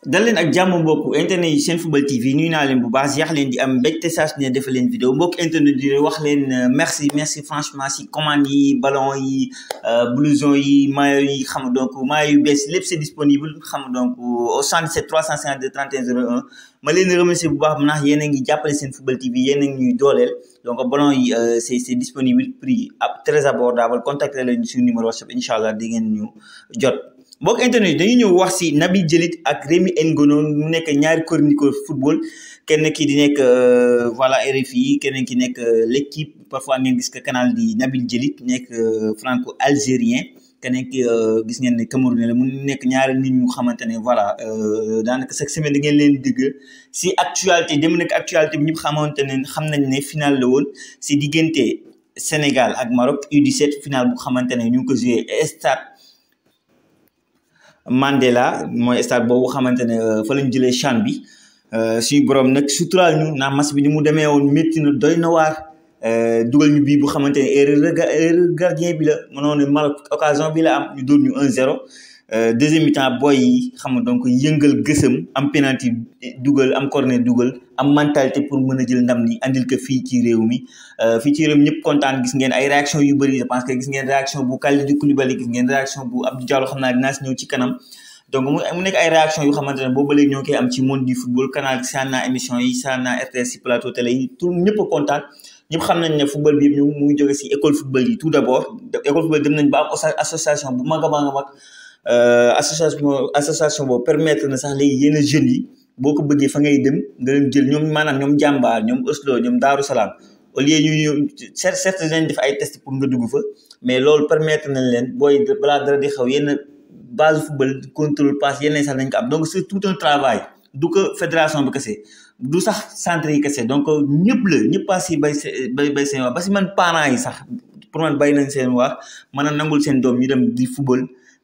dalen ak jamm mbokku internet yi seen football TV nuyu naa leen bu baax yàq leen di am mbégte saa ne defal leen vidéo mbokk internet di wax leen euh, merci merci franchement si commande yi ballon yi euh, blouson yi maillot yi xam donc maillot yu bees lépp c'est disponible xam donc euh, au 77 352 31 01 ma leen remercier bu baax mu naax yéen a ngi jàppale seen football TV yéen a ngi ñuy dooleel donc ballon yi c'est c'est disponible prix très abordable contacter leen suñu numéro WhatsApp incha allah di ngeen ñu jot. mbokk internet dañuy ñëw wax si Naby Djelit ak Rémy Ngono mu nekk ñaari chroniqueur football kenn ki di nekk euh, voilà RFI keneen ki nekk euh, l'équipe parfois ngeen gis que canal di Naby Djelit nekk euh, franco-algérien keneen ki gis ngeen ne Cameroun la mu nekk ñaari nit ñu xamante ne voilà daanaka chaque semaine da ngeen leen dégg si actualité dem nag actualité bi ñëpp xamante ne xam nañ ne final la woon si diggante Sénégal ak Maroc U17 final bu xamante ne ñu ngi ko joué stade. Mandela moy stade boobu xamantene euh, fa lañu jëlee CHAN bi euh suñu borom nak suturaal ñu na match bi ni mu démé won metti na doyna war euh duggal ñu bi bu xamantene erreur gardien bi la mënoon mal occasion bi la am ñu dóor ñu 1-0. Euh, deuxième mi-temps boy yi xam donc yëngal gësam am penalty dugal am corner dugal am mentalité pour mën a jël ndam ni andil ko fii ci réew mi euh, fii ci réew mi ñëpp kontaan gis ngeen ay réaction yu bëri je que gis ngeen réaction bu Kalidou Koulibaly gis ngeen réaction bu Abdou Diallo xam naa dinaa si ñëw ci xamante ne boobu ñoo koy am ci monde du football canal saan naa émission ñëpp xam nañ ne football bi ñu mu ngi si école football yi tout d'abord école football dem nañ ba association bu mag a mag a mag Euh, association association boobu permettre na sax léegi yenn jeunes boo ko bëggee fa ngay dem nga leen jël ñoom maanaam ñoom jàmbaar ñoom Oslo ñoom Daaru Salaam au lieu ñu ñëw certes dinañ def ay test pour nga dugg fa mais loolu permettre nañ leen booy balaa dara di xaw yenn base football contrôle passe yenn sax nañ ko am donc surtout tout un travail du ko fédération bi kese du sax centre yi kese donc ñëpp la ñëpp paas yi bay bay bay seen wax ba si man parents yi sax pour man bay nañ seen mën a nangul seen doom ñu dem di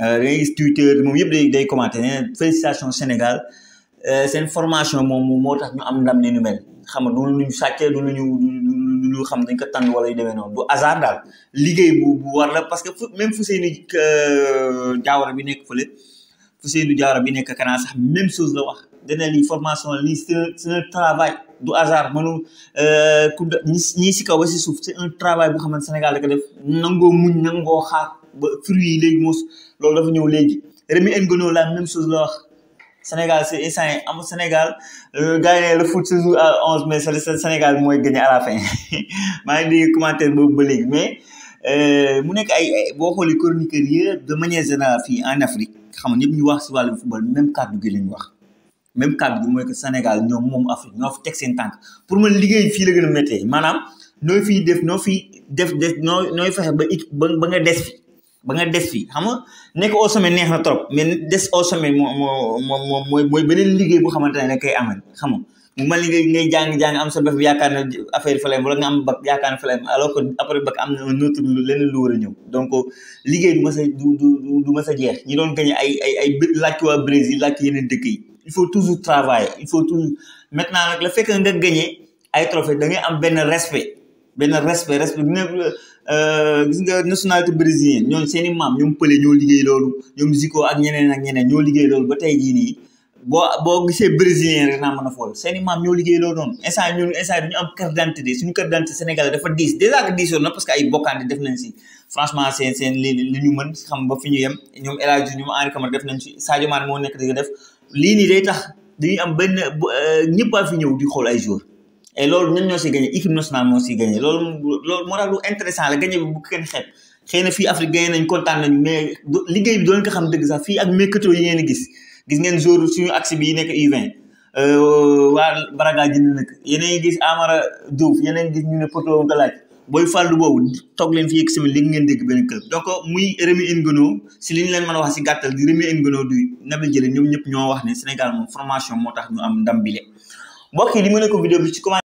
dangay euh, Twitter moom yëpp day day commenter nee na félicitation Sénégal euh, seen formation moom moo tax ñu am ndam ni ñu mel xam nga du lu ñu sàccee du lu ñu du lu xam dañ ko tànn wala yu demee noonu du hasard daal liggéey bu bu war la parce que même Fouseynou euh, Diawara bi nekk fële Fouseynou Diawara bi nekk Kana sax même chose la wax. dana lii formation lii c'est un travail du hasard mënu ku ñi si kaw ba si suuf c'est un travail bu xamante Sénégal da ko def nangoo muñ nangoo xaar ba fruits yi léegi moos loolu dafa ñëw léegi remi Ngono la même chose la wax Sénégal c'est instant yi am Sénégal euh, gars yi ne le foot jour à onze le Sénégal mooy gagné à la fin maa ngi dégg commentaire boobu ba léegi mais euh, mu nekk ay boo xoolee chroniqueur yi de manière générale fii en Afrique xam nga ñëpp ñu wax si wàllu football même kàddu gi lañu wax même kàddu gi mooy que Sénégal ñoom moom Afrique ñoo fi teg seen tànk pour man liggéey fii la gën a méttee maanaam noo fiy def noo fi def def noo nooy fexe ba ba nga des fi ba nga def fi xam nga ne ko au sommet neex na trop mais des au sommet moo moo mooy mooy beneen liggéey bu xamante ne kay amal xam nga mu mel ngay jàng jàng am sa bëf yaakaar na affaire flemme wala nga am bëg yaakaar na flemme alors que après bëg am na un autre lu leneen lu war a ñëw donc liggéey du ma sa du du du ma sa jeex ñi doon gagné ay ay ay làcc waa Brésil làcc yeneen dëkk yi il faut toujours travailler il faut toujours maintenant nag la fekk nga gagné ay trophées da ngay am benn respect benn respect respect Euh, gis nga nationalité brésilien ñoom seen i maam ñoom Pelé ñoo liggéey loolu ñoom Zico ak ñeneen ak ñeneen ñoo liggéey loolu ba tey jii nii boo boo gisee brésilien rek naa mën a fool seen i maam ñoo liggéey loolu noonu instant ñun instant dañu am carte d'identité suñu carte d'identité dafa diis dèjà que diisoon na parce que ay bokkaande def nañ si franchement a seen li li ñu mën xam ba fi yem ñoom El Hadji ñoom Henri Camara def nañ si Sadio Mané moo nekk di def lii nii day tax dañuy am benn euh, ñëpp a fi ñëw di xool ay jours et loolu ñun ñoo si gagné équipe nationale moo si gagné loolu moo tax lu la gagné bi bu kenn xeeb xëy na fii Afrique gagné nañ kontaan nañu gis gis ngeen jour suñu axe bi nekk U20 euh, waa Baraga yeneen yi gis Amara Diouf yeneen gis ñu ne poto nga laaj booy fàllu boobu toog leen fii ak semaine li ngeen dégg benn club donc muy Rémy Ngono si li ñu leen man a wax si gàttal di Rémy Ngono du Nabil Djellit ñoom ñëpp ñoo wax ne Sénégal moom formation moo tax ñu am ndam bile ma ne ko bi